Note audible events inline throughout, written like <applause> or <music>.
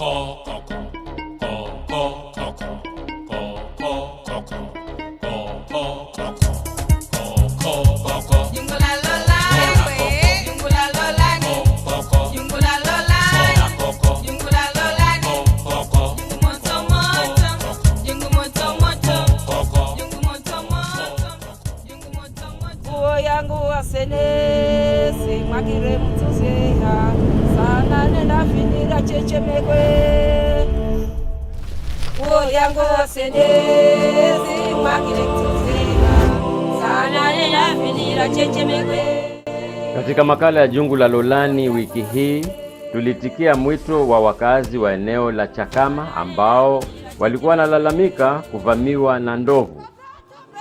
Oh. Katika makala ya Jungu la Lolani wiki hii tulitikia mwito wa wakazi wa eneo la Chakama ambao walikuwa wanalalamika kuvamiwa na ndovu.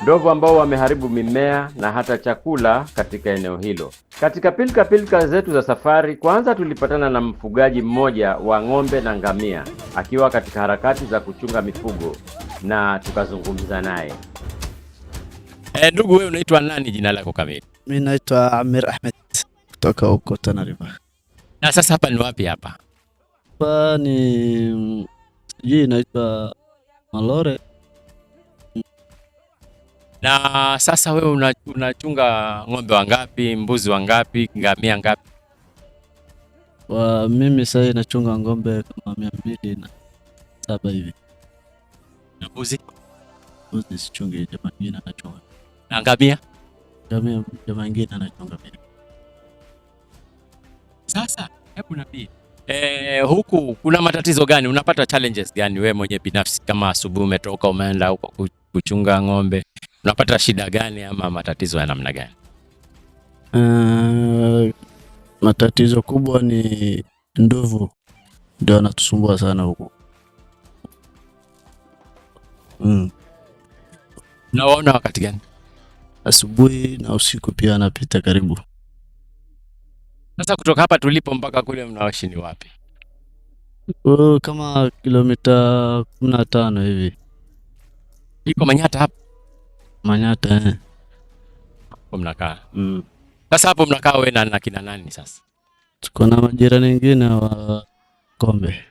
Ndovu ambao wameharibu mimea na hata chakula katika eneo hilo. Katika pilika pilika zetu za safari, kwanza tulipatana na mfugaji mmoja wa ng'ombe na ngamia akiwa katika harakati za kuchunga mifugo na tukazungumza naye. Eh, ndugu wewe unaitwa nani jina lako kamili? Mimi naitwa Amir Ahmed kutoka huko Tana River. Na sasa hapa ni wapi hapa? Hapa ni hii inaitwa Malore. Na sasa wewe unachunga ng'ombe wangapi, mbuzi wangapi, ngamia ngapi? Wa mimi sasa nachunga ng'ombe kama mia mbili na saba hivi. Na mbuzi? Mbuzi sichungi, jamaa mwingine anachunga. Na ngamia? Jamaa mwingine anachunga mimi. Sasa hebu niambie, eh, huku kuna matatizo gani? Unapata challenges gani wewe mwenye binafsi, kama asubuhi umetoka umeenda huko kuchunga ng'ombe, unapata shida gani ama matatizo ya namna gani? Uh, matatizo kubwa ni ndovu, ndio anatusumbua sana huku mm. Naona wakati gani? Asubuhi na usiku pia anapita karibu sasa kutoka hapa tulipo mpaka kule Mnawashi ni wapi? Uh, kama kilomita kumi na tano hivi. Iko Manyata hapa? Manyata eh. Hapo mnakaa. Mm. Sasa hapo mnakaa wewe na na kina nani sasa? Tuko na majirani wengine wa Kombe.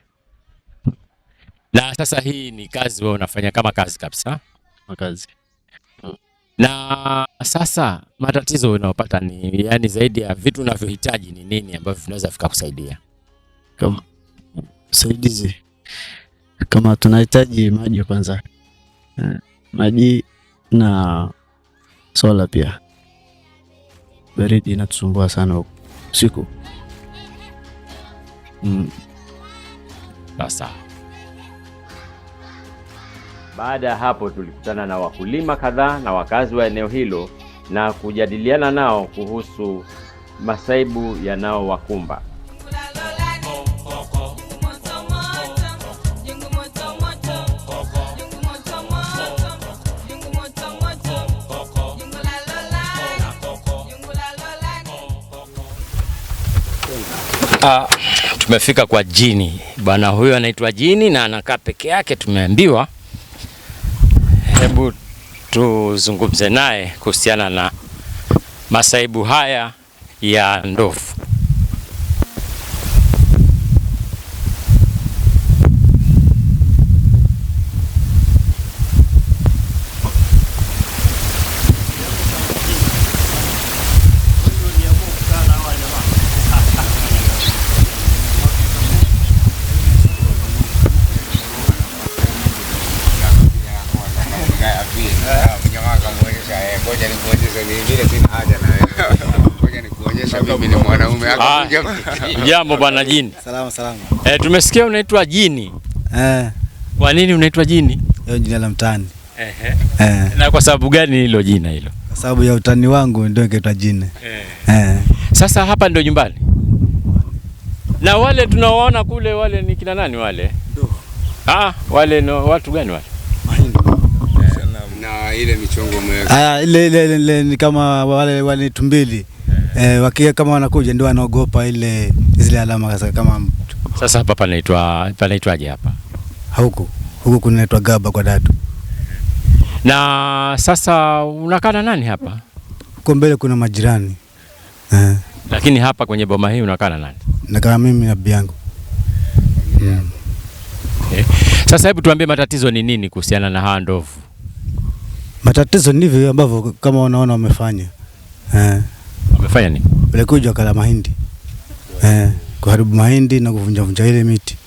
Na sasa hii ni kazi wewe unafanya kama kazi kabisa? kazi. Na sasa matatizo unayopata ni yani, zaidi ya vitu unavyohitaji ni nini ambavyo vinaweza vikakusaidia kama saidizi, Kama tunahitaji maji kwanza, eh, maji na sola pia. Baridi inatusumbua sana usiku. Mm. Sasa baada ya hapo, tulikutana na wakulima kadhaa na wakazi wa eneo hilo na kujadiliana nao kuhusu masaibu yanayowakumba. Ah, tumefika kwa jini bwana. Huyo anaitwa Jini na anakaa peke yake, tumeambiwa Hebu tuzungumze naye kuhusiana na masaibu haya ya ndovu. Ah, jambo bwana Jini. Salama salama. Eh, tumesikia unaitwa Jini. Eh. Kwa nini unaitwa Jini? Hiyo jina la mtaani. Ehe. Eh. Na kwa sababu gani hilo jina hilo? Kwa sababu ya utani wangu ndio nikaitwa Jini. Eh. Eh. Sasa hapa ndio nyumbani. Na wale tunaoona kule wale ni kina nani wale? Ndio. Ah, wale no, watu gani wale? Na ile michongo imeweka. Ah, ile ile ni kama wale wale tumbili eh, wakiwa kama wanakuja ndio wanaogopa ile zile alama kama mtu. Sasa hapa panaitwa panaitwaje hapa? Huku huku kunaitwa Gaba kwa Datu. Na sasa unakaa na nani hapa? Huko mbele kuna majirani eh. Lakini hapa kwenye boma hii unakaa na nani? Nakaa mimi na bibi yangu mm. Okay. Eh. Sasa hebu tuambie matatizo ni nini kuhusiana na hawa ndovu? Matatizo ni hivyo ambavyo kama unaona wamefanya eh. Wamefanya nini? Walikuja kala mahindi eh, kuharibu mahindi na kuvunjavunja ile miti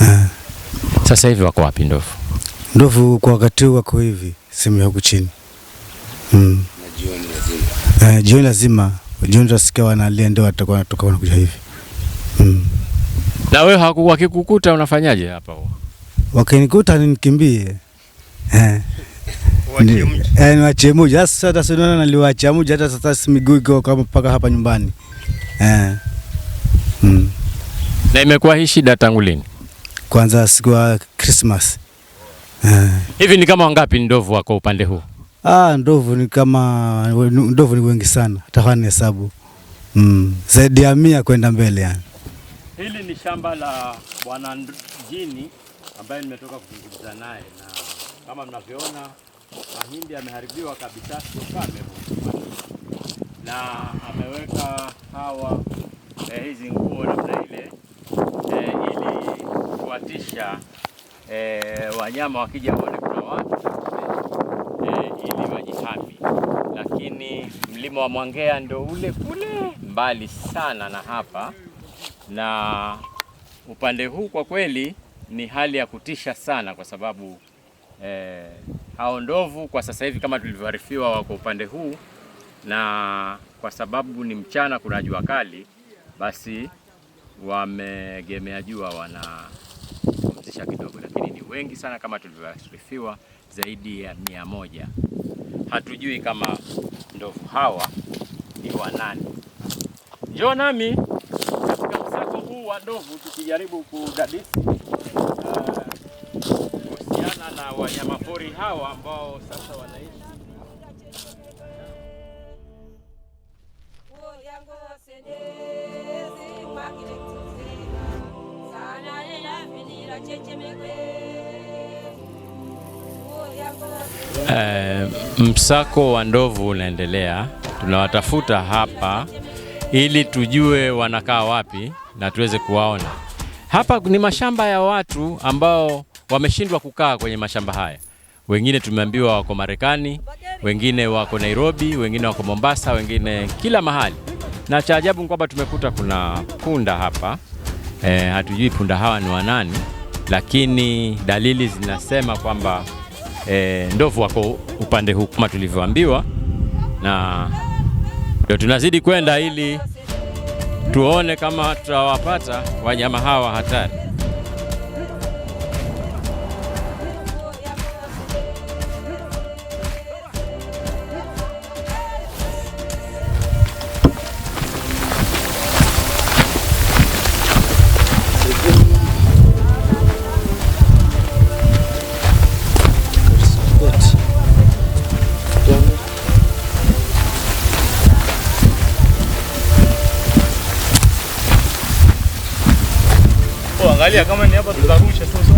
eh. Sasa hivi wako wapi ndovu? Ndovu kwa wakati huu wako hivi sehemu ya huku chini mm. Eh, jioni lazima jioni tutasikia wanalia, ndio watakuwa wanatoka wanakuja hivi mm. Na wewe wakikukuta unafanyaje hapa? Wakinikuta nikimbie eh. Eh, ni muji sasa. Hata sinaona naliwacha muji hata sasa, miguu iko kama mpaka hapa nyumbani eh. Mm. Na imekuwa hii shida tangu lini? Kwanza siku ya Christmas eh. Hivi ni kama wangapi ndovu wako upande huu? Ah, ndovu ni kama ndovu ni wengi sana hata hesabu mm. zaidi ya mia kwenda mbele yani. Hili ni shamba la Bwana Jini ambaye nimetoka kuzungumza naye na kama mnavyoona mahindi yameharibiwa kabisa, sio kame, na ameweka hawa eh, hizi nguo namna ile eh, ili kuwatisha eh, wanyama wakija waone kuna watu eh, ili wajihami. Lakini mlima wa Mwangea ndio ule kule mbali sana na hapa, na upande huu kwa kweli ni hali ya kutisha sana kwa sababu eh, hao ndovu kwa sasa hivi kama tulivyoarifiwa wako upande huu, na kwa sababu ni mchana, kuna jua kali, basi wamegemea jua, wanapumzisha kidogo, lakini ni wengi sana kama tulivyoarifiwa, zaidi ya mia moja. Hatujui kama ndovu hawa ni wa nani. Njoo nami katika msako huu wa ndovu tukijaribu kudadisi na wanyamapori hawa ambao sasa wanaishi Eh, msako wa ndovu unaendelea. Tunawatafuta hapa ili tujue wanakaa wapi na tuweze kuwaona. Hapa ni mashamba ya watu ambao wameshindwa kukaa kwenye mashamba haya. Wengine tumeambiwa wako Marekani, wengine wako Nairobi, wengine wako Mombasa, wengine kila mahali, na cha ajabu ni kwamba tumekuta kuna punda hapa e, hatujui punda hawa ni wanani, lakini dalili zinasema kwamba e, ndovu wako upande huu kama tulivyoambiwa, na ndio tunazidi kwenda ili tuone kama tutawapata wanyama hawa hatari. Angalia kama ni hapa tutarusha sasa.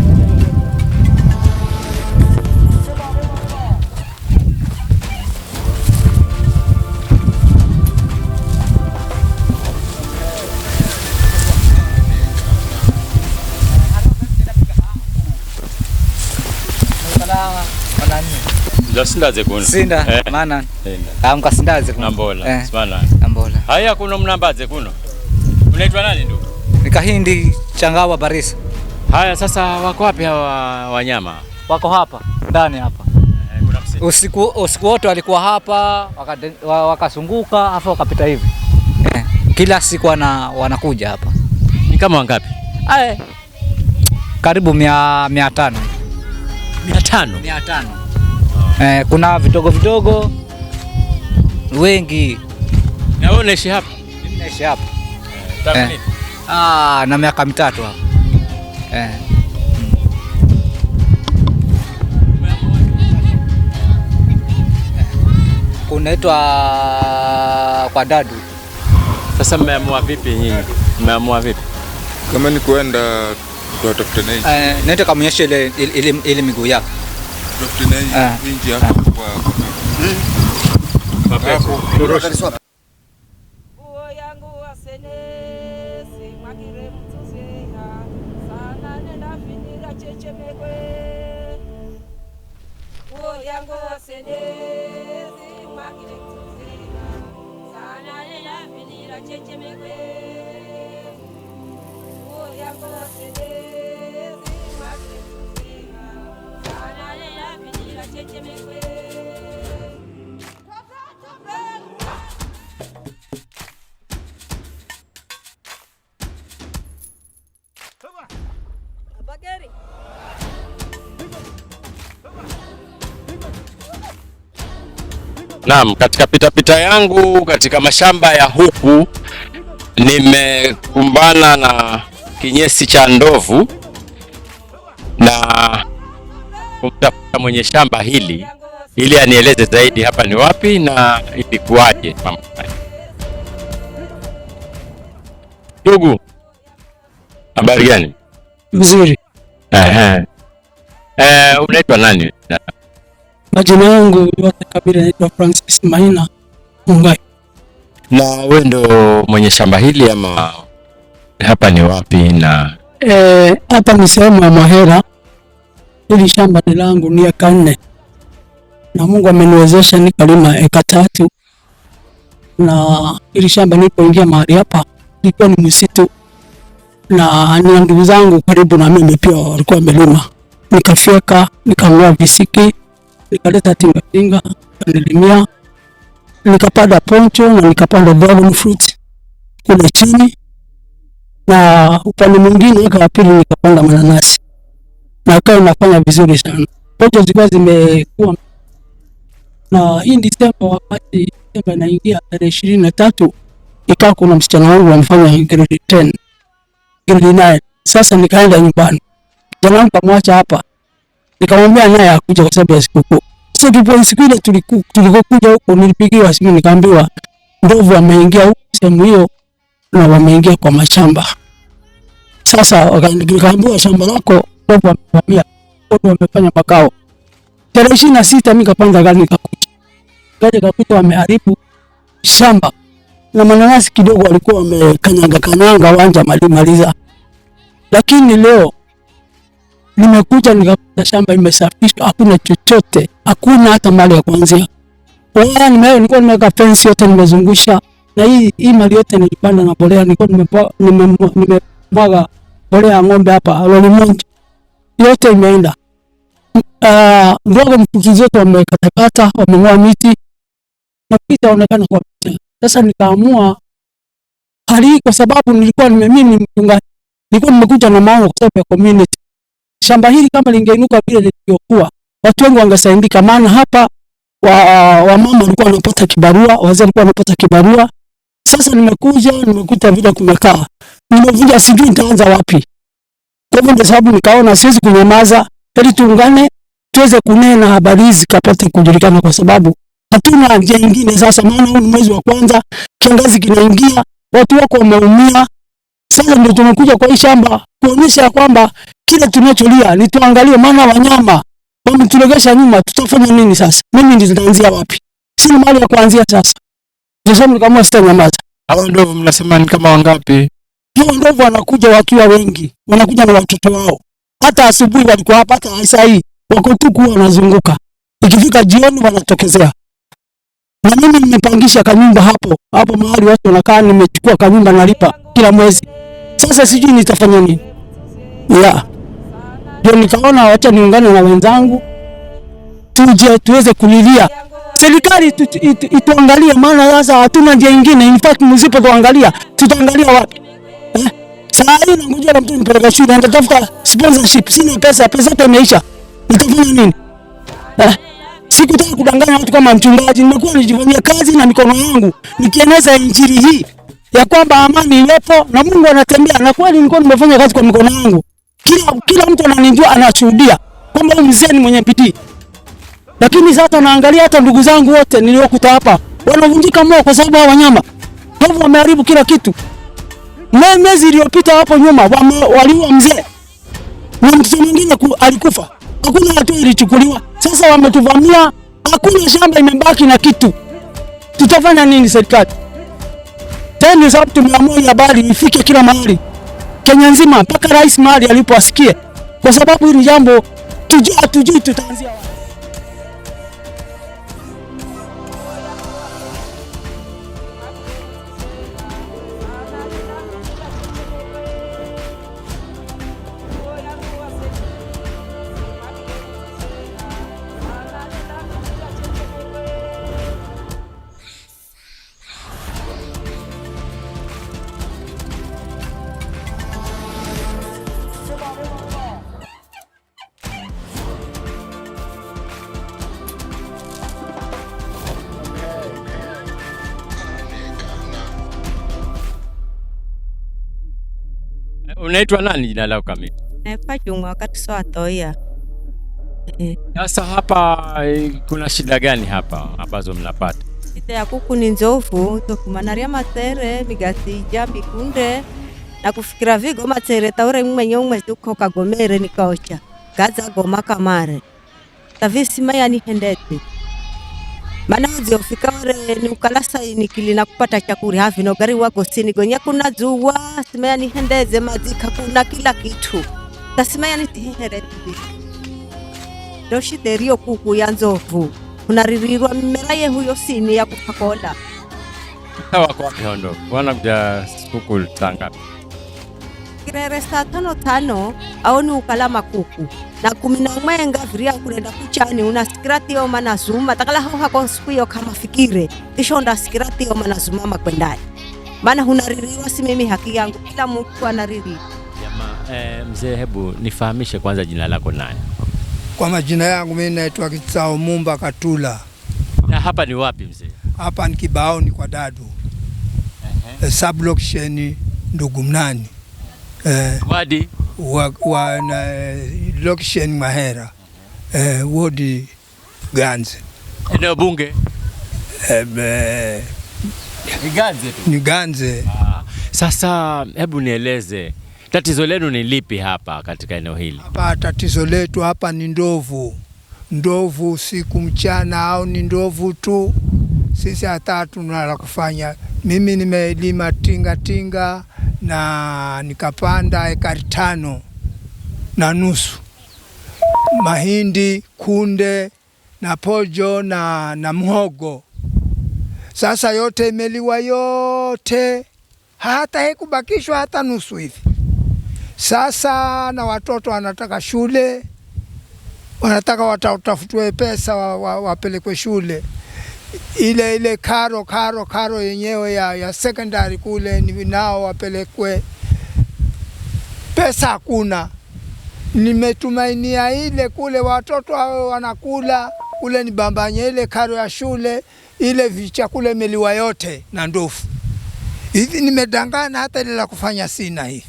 Sindaze kuna. Sinda, eh. Amka sindaze kuna. Nambola. Eh. Nambola. Haya kuna mnambaze kuna. Unaitwa nani ndugu? Nikahindi. Changawa Barisa. Haya, sasa wako wapi hawa wanyama? Wako hapa ndani hapa. Eh, usiku usiku wote walikuwa hapa wakasunguka, waka afu wakapita hivi eh, Kila siku wana, wanakuja hapa. Ni kama wangapi? Ae, eh, karibu mia, mia tano. Mia tano? Mia tano. Ah. Eh, kuna vidogo vidogo wengi. Na wewe unaishi hapa? Mimi naishi hapa. eh, Ah, na miaka mitatu hapo. Eh. eh. Unaitwa kwa dadu. Sasa mmeamua vipi nyinyi? Mmeamua vipi? Kama ni kuenda tutafute nini? Eh, naenda kamnyeshe ile ile ile miguu yako. Tutafute nini? Eh. Nje hapo kwa. Hapo. Seni Naam, katika pitapita yangu katika mashamba ya huku nimekumbana na kinyesi cha ndovu na kumtafuta mwenye shamba hili ili anieleze zaidi hapa ni wapi na ilikuwaje mambo Ndugu, habari gani? Mzuri. Eh, unaitwa nani? Majina yangu yote kabila naitwa Francis Maina Mungai. Na wewe ndo mwenye shamba hili ama hapa ni wapi? Na eh, hapa ni sehemu ya mahera Hili shamba ni langu, ni eka nne na Mungu ameniwezesha nikalima eka tatu, na hili shamba nilipoingia mahali hapa ilikuwa ni msitu, na nina ndugu zangu karibu na mimi pia walikuwa wamelima, nikafyeka nikang'oa visiki nikaleta timu ya Pinga kanilimia, nikapanda poncho na nikapanda dragon fruit kule chini, na upande mwingine mwaka wa pili nikapanda mananasi na ukawa nafanya vizuri sana. Poncho zilikuwa zimekuwa na hii Disemba, wakati Disemba inaingia tarehe ishirini na tatu ikawa kuna msichana wangu amefanya grade 10 grade 9. Sasa nikaenda nyumbani, wangu kamwacha hapa nikamwambia naye akuja kwa sababu ya sikukuu. Sasa tulipo siku ile tulikokuja huko, nilipigiwa simu nikaambiwa ndovu wameingia huko sehemu hiyo na wameingia kwa mashamba. Sasa nikaambiwa shamba lako ndovu wamevamia, ndovu wamefanya makao. Tarehe ishirini na sita mi kapanda gari nikakuta gari kakuta wameharibu shamba na mananasi kidogo walikuwa wamekanyaga kanyaga wanja malimaliza, lakini leo nimekuja nikakuta shamba limesafishwa, hakuna chochote, hakuna hata mali ya kuanzia. Bora nimeo nilikuwa nimeweka fence yote nimezungusha, na hii hii mali yote nilipanda na mbolea, nilikuwa nimemwaga nime, nime, mbolea ya ng'ombe hapa lori moja yote imeenda. Uh, mboga mfukizi yote wamekatakata, wameng'oa miti na pita onekana kwa picha. Sasa nikaamua hali hii, kwa sababu nilikuwa nimemini ni mchungaji, nilikuwa nimekuja na maono kwa sababu ya community shamba hili kama lingeinuka vile lilivyokuwa, watu wengi wangesaidika, maana hapa wa, wa mama walikuwa wanapata kibarua, wazee walikuwa wanapata kibarua. Sasa nimekuja nimekuta vile kumekaa, nimevunja, sijui nitaanza wapi. Kwa hivyo ndio sababu nikaona siwezi kunyamaza, ili tuungane tuweze kunena habari hizi kapate kujulikana, kwa sababu hatuna njia nyingine. Sasa maana huu mwezi wa kwanza, kiangazi kinaingia, watu wako wameumia. Sasa ndio tumekuja kwa hii shamba kuonyesha kwamba kile tunacholia ni tuangalie, maana wanyama wameturegesha nyuma, tutafanya nini sasa? Mimi ndio nitaanzia wapi? Sina mahali ya kuanzia sasa, ndio nikaamua sasa nyamaza. Hao ndovu mnasema ni kama wangapi? Hao ndovu wanakuja wakiwa wengi, wanakuja na watoto wao. Hata asubuhi walikuwa hapa, hata saa hii wako tu kwa wanazunguka, ikifika jioni wanatokezea. Na mimi nimepangisha kanyumba hapo hapo mahali watu wanakaa, nimechukua kanyumba nalipa kila mwezi. Sasa sijui nitafanya nini ya yeah ndio nikaona wacha niungane na wenzangu tuje tuweze kulilia serikali itu, itu, ituangalie, maana sasa hatuna njia nyingine. In fact mzipo tuangalia, tutaangalia wapi eh? Saa hii nangoja na mtu nipeleka shule, nitatafuta sponsorship, sina pesa, pesa yote imeisha, nitafanya nini eh? Sikutaka kudanganya watu kama mchungaji, nimekuwa nijifanyia kazi na mikono yangu nikieneza injili hii ya kwamba amani iwepo na Mungu anatembea, na kweli nilikuwa nimefanya kazi kwa mikono yangu. Kila, kila mtu ananijua anashuhudia kwamba huyu mzee ni mwenye bidii, lakini sasa naangalia hata ndugu zangu wote niliokuta hapa wanavunjika moyo kwa sababu hawa wanyama hapo wameharibu kila kitu. Mwezi iliyopita hapo nyuma waliua mzee na mtoto mwingine alikufa, hakuna hatua ilichukuliwa. Sasa wametuvamia, hakuna shamba imebaki na kitu. Tutafanya nini serikali? Tena sababu tumeamua habari ifike kila mahali. Kenya nzima mpaka Rais mahali alipo asikie, kwa sababu hili jambo tujua tujui, tutaanzia unaitwa nani jina lako kamili? Naepachunga wakati atoia. Eh. Sasa e, hapa eh, kuna shida gani hapa ambazo mnapata? Shida ya kuku ni nzofu tokumanaria matere migasija mikunde na kufikira vigo matere taure mwenye tuko kagomere nikaocha gaza goma kamare tavisimaya nihendete manaoziofika wore ni ukalasa inikili na kupata chakuri havi na ugari wako sini gonya kuna zuwa simaya hendeze mazika kuna kila kitu tasimaya nitiheheretivi ndoshiterio kuku ya nzovu unaririrwa mimera ye huyo sini ya kupakola wana wanakuja kuku tanga kirere saa tano tano au ni ukala makuku na kumi na mwenga viria kurenda kuchani unasikiratiyo manazuma takalaho hako sikuyo kamafikire isho ndasikiratiyo manazuma makwendaye maana hunaririwa, si mimi haki yangu, kila mtu anaririwa. Jamaa eh, mzee, hebu nifahamishe kwanza jina lako naye. Kwa majina yangu mimi naitwa Kitsao Mumba Katula. Na hapa ni wapi mzee? Hapa ni Kibaoni kwa Dadu. uh eh, -huh. ndugu mnani Eh, wadi wa, wa na location Mahera eh, wodi Ganze, eneo bunge eh, eh, ni Ganze tu, ni Ganze. Ah, sasa hebu nieleze tatizo lenu ni lipi hapa katika eneo hili? Hapa tatizo letu hapa ni ndovu, ndovu siku mchana, au ni ndovu tu. Sisi hata hatuna la kufanya. Mimi nimelima tingatinga na nikapanda ekari tano na nusu mahindi, kunde na pojo na, na mhogo. Sasa yote imeliwa yote, hata hekubakishwa hata nusu hivi. Sasa na watoto wanataka shule, wanataka watafutwe pesa wapelekwe wa, wa shule ile ile karo karo karo yenyewe ya, ya secondary kule nao wapelekwe. Pesa hakuna, nimetumainia ile kule watoto hao wanakula kule, nibambanye ile karo ya shule ile, vicha kule meliwa yote na ndofu hivi, nimedangana hata ile la kufanya sina hivi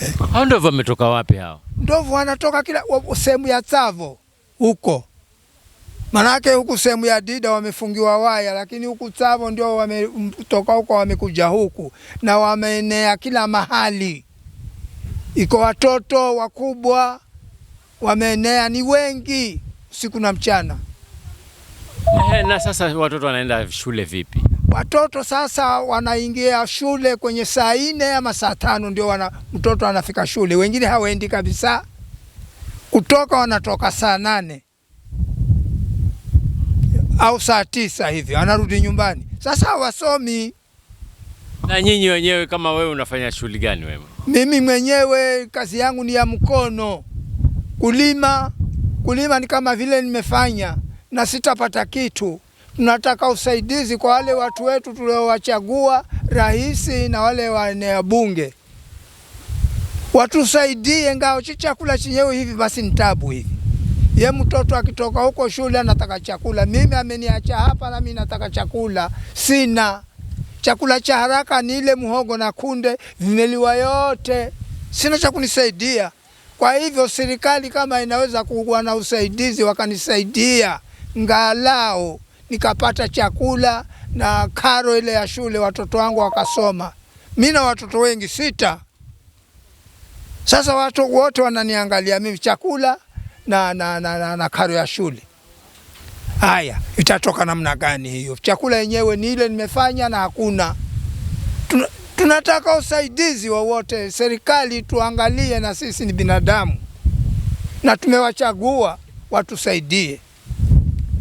eh. ndovu wametoka wapi hao? Ndovu wanatoka kila sehemu ya Tsavo huko Manake huku sehemu ya Dida wamefungiwa waya, lakini huku Tsavo ndio wametoka huko, wamekuja huku na wameenea kila mahali, iko watoto wakubwa wameenea, ni wengi usiku na mchana. na sasa watoto wanaenda shule vipi? Watoto sasa wanaingia shule kwenye saa nne ama saa tano ndio wana, mtoto anafika shule, wengine hawaendi kabisa, kutoka wanatoka saa nane au saa tisa hivi anarudi nyumbani. Sasa hawasomi. Na nyinyi wenyewe kama wewe unafanya shughuli gani wewe? Mimi mwenyewe kazi yangu ni ya mkono, kulima. Kulima ni kama vile nimefanya na sitapata kitu. Tunataka usaidizi kwa wale watu wetu tuliowachagua, rais na wale waenea bunge, watusaidie ngao chi chakula chenyewe hivi basi ni tabu hivi ye mtoto akitoka huko shule anataka chakula, mimi ameniacha hapa na mimi nataka chakula, sina chakula cha haraka, ni ile muhogo na kunde vimeliwa yote, sina cha kunisaidia. Kwa hivyo serikali kama inaweza kuwa na usaidizi, wakanisaidia ngalao nikapata chakula na karo ile ya shule, watoto wangu wakasoma. Mimi na watoto wengi sita, sasa watu wote wananiangalia mimi, chakula na, na, na, na, na karo ya shule. Haya, itatoka namna gani hiyo? Chakula yenyewe ni ile nimefanya, na hakuna Tuna, tunataka usaidizi wowote, serikali tuangalie, na sisi ni binadamu na tumewachagua watusaidie,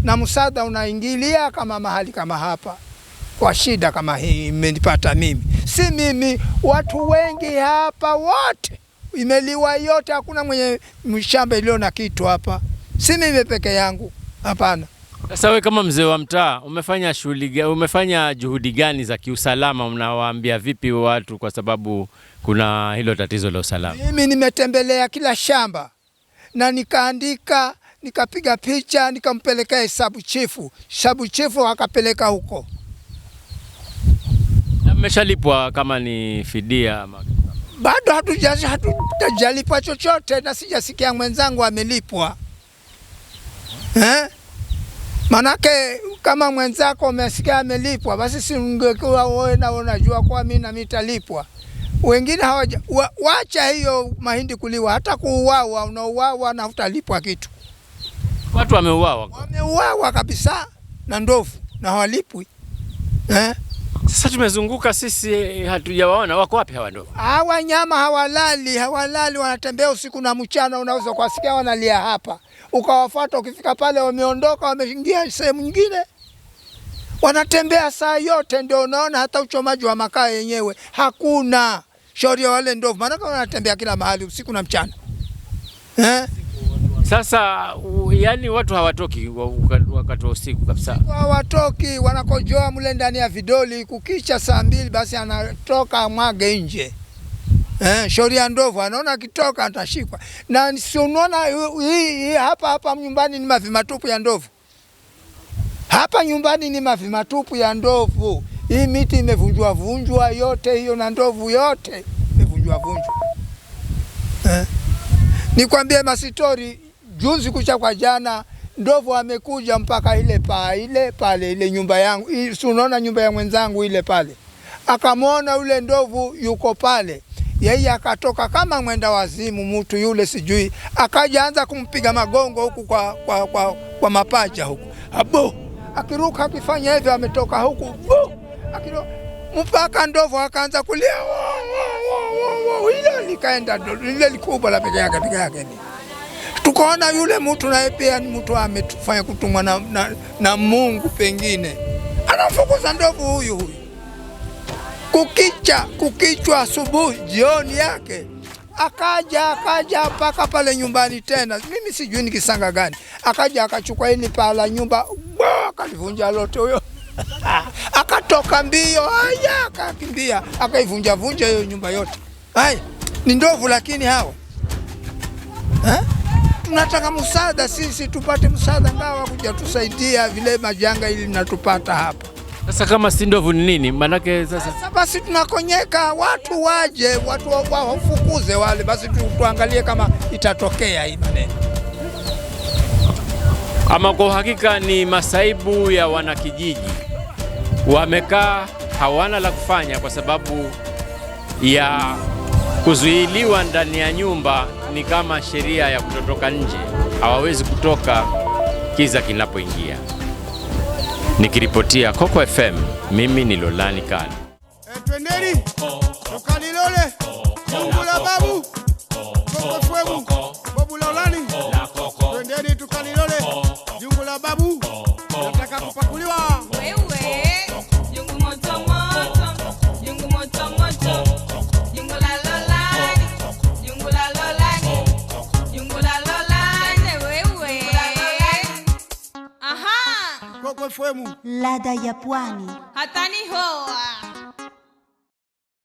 na msaada unaingilia kama mahali kama hapa kwa shida kama hii imenipata mimi, si mimi, watu wengi hapa wote imeliwa yote, hakuna mwenye mshamba iliyo na kitu hapa, si mimi peke yangu, hapana. Sasa wewe kama mzee wa mtaa umefanya shughuli, umefanya juhudi gani za kiusalama? Mnawaambia vipi watu, kwa sababu kuna hilo tatizo la usalama? Mimi nimetembelea kila shamba na nikaandika, nikapiga picha, nikampelekea hesabu chifu, hesabu chifu akapeleka huko. Na mmeshalipwa kama ni fidia ama bado hatujalipwa chochote, na sijasikia mwenzangu amelipwa eh? Manake kama mwenzako umesikia amelipwa, basi si ungekuwa wewe na unajua kwa mimi na mitalipwa. Wengine hawaja wa, wacha hiyo mahindi kuliwa, hata kuuawa, unauawa na utalipwa kitu. Watu wameuawa, wameuawa kabisa na ndovu na hawalipwi eh? Sasa tumezunguka sisi, hatujawaona. Wako wapi hawa? Ndo hawa nyama hawalali, hawalali, wanatembea usiku na mchana. Unaweza kuwasikia wanalia hapa, ukawafuata, ukifika pale wameondoka, wameingia sehemu nyingine, wanatembea saa yote. Ndio unaona hata uchomaji wa makaa yenyewe hakuna. Shauri ya wale ndovu, maanake wanatembea kila mahali usiku na mchana eh? Sasa u yani yaani watu hawatoki wakati wa usiku kabisa, hawatoki wanakojoa mle ndani ya vidoli. Kukicha saa mbili, basi anatoka mwage nje eh, shoria ndovu anaona akitoka atashikwa. Na si unaona hii hapa hapa nyumbani ni mavi matupu ya ndovu, hapa nyumbani ni mavi matupu ya ndovu. Hii miti imevunjwa vunjwa yote hiyo na ndovu yote imevunjwa vunjwa eh. Nikwambie masitori juzi kucha kwa jana ndovu amekuja mpaka ile pa ile pale ile nyumba yangu, si unaona nyumba ya mwenzangu ile pale, akamwona yule ndovu yuko pale, yeye akatoka kama mwenda wazimu mtu yule, sijui akajaanza kumpiga magongo huku kwa, kwa, kwa, kwa mapacha huku abo, akiruka akifanya hivyo, ametoka huku akiro mpaka ndovu akaanza kulia, ile likaenda ile likubwa la peke yake peke yake tukaona yule mtu naye pia ni mtu ametufanya kutumwa na, na, na Mungu, pengine anafukuza ndovu huyu huyu kukicha kukichwa, asubuhi jioni yake akaja akaja mpaka pale nyumbani tena, mimi sijui ni kisanga gani. Akaja akachukua hili paa la nyumba akalivunja lote huyo <laughs> akatoka mbio, haya akakimbia, akaivunja vunja hiyo nyumba yote. Aya, ni ndovu, lakini hawa ha? tunataka msaada sisi, tupate msaada ngawa kuja tusaidia vile majanga ili natupata hapa sasa. Kama si ndovu ni nini manake? Sasa basi tunakonyeka, watu waje, watu wafukuze wa, wa, wale basi tu, tuangalie kama itatokea hii maneno ama. Kwa uhakika ni masaibu ya wanakijiji, wamekaa hawana la kufanya kwa sababu ya kuzuiliwa ndani ya nyumba ni kama sheria ya kutotoka nje, hawawezi kutoka kiza kinapoingia. Nikiripotia Coco FM, mimi ni Lolani Kali. E, eh, twendeni jungu la babu Coco FM, babu Lolani, twendeni jungu la babu, nataka kupakuliwa Lada ya pwani Hatani hoa.